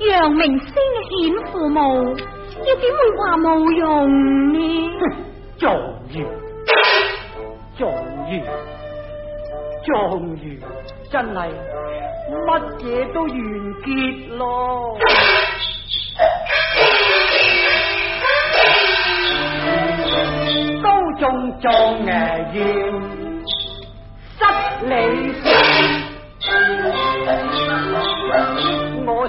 楊明星顯父母，又點會話冇用呢？狀元，狀元，狀元，真係乜嘢都完結咯，都中狀元，失禮。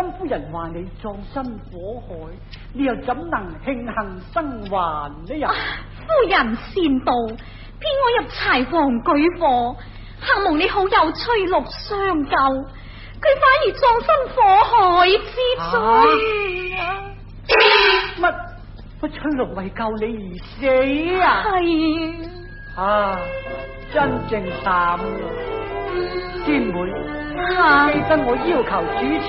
金夫人話你葬身火海，你又怎能慶幸生還呢？呀、啊！夫人善道，偏我入柴房舉火，幸蒙你好有翠綠相救，佢反而葬身火海之中。乜乜翠綠為救你而死啊？係啊，啊！真正慘啊！仙妹，記得我要求主持。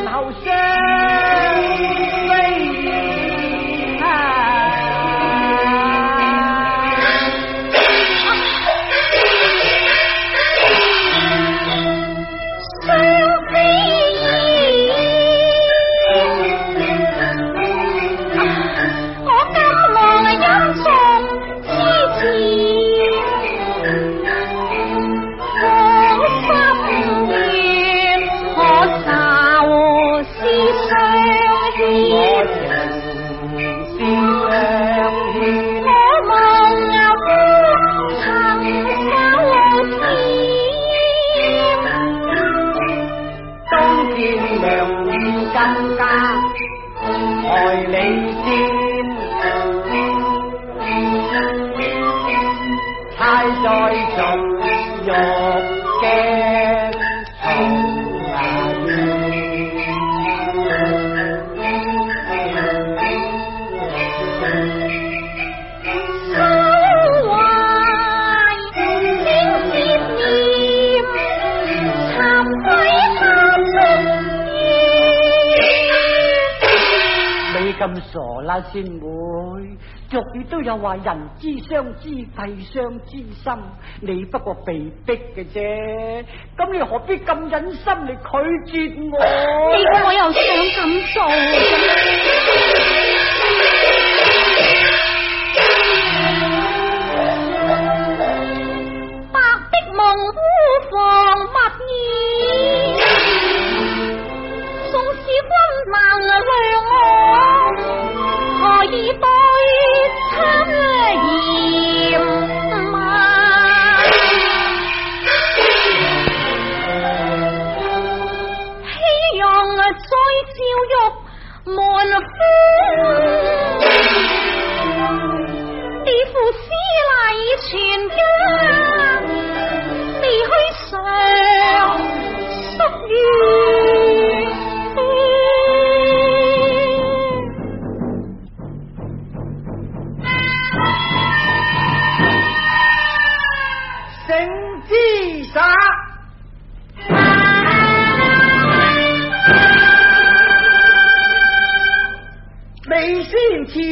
咁傻啦，先妹，俗語都有話，人之相知，貴相知心。你不過被逼嘅啫，咁你何必咁忍心嚟拒絕我？如果我又想咁做？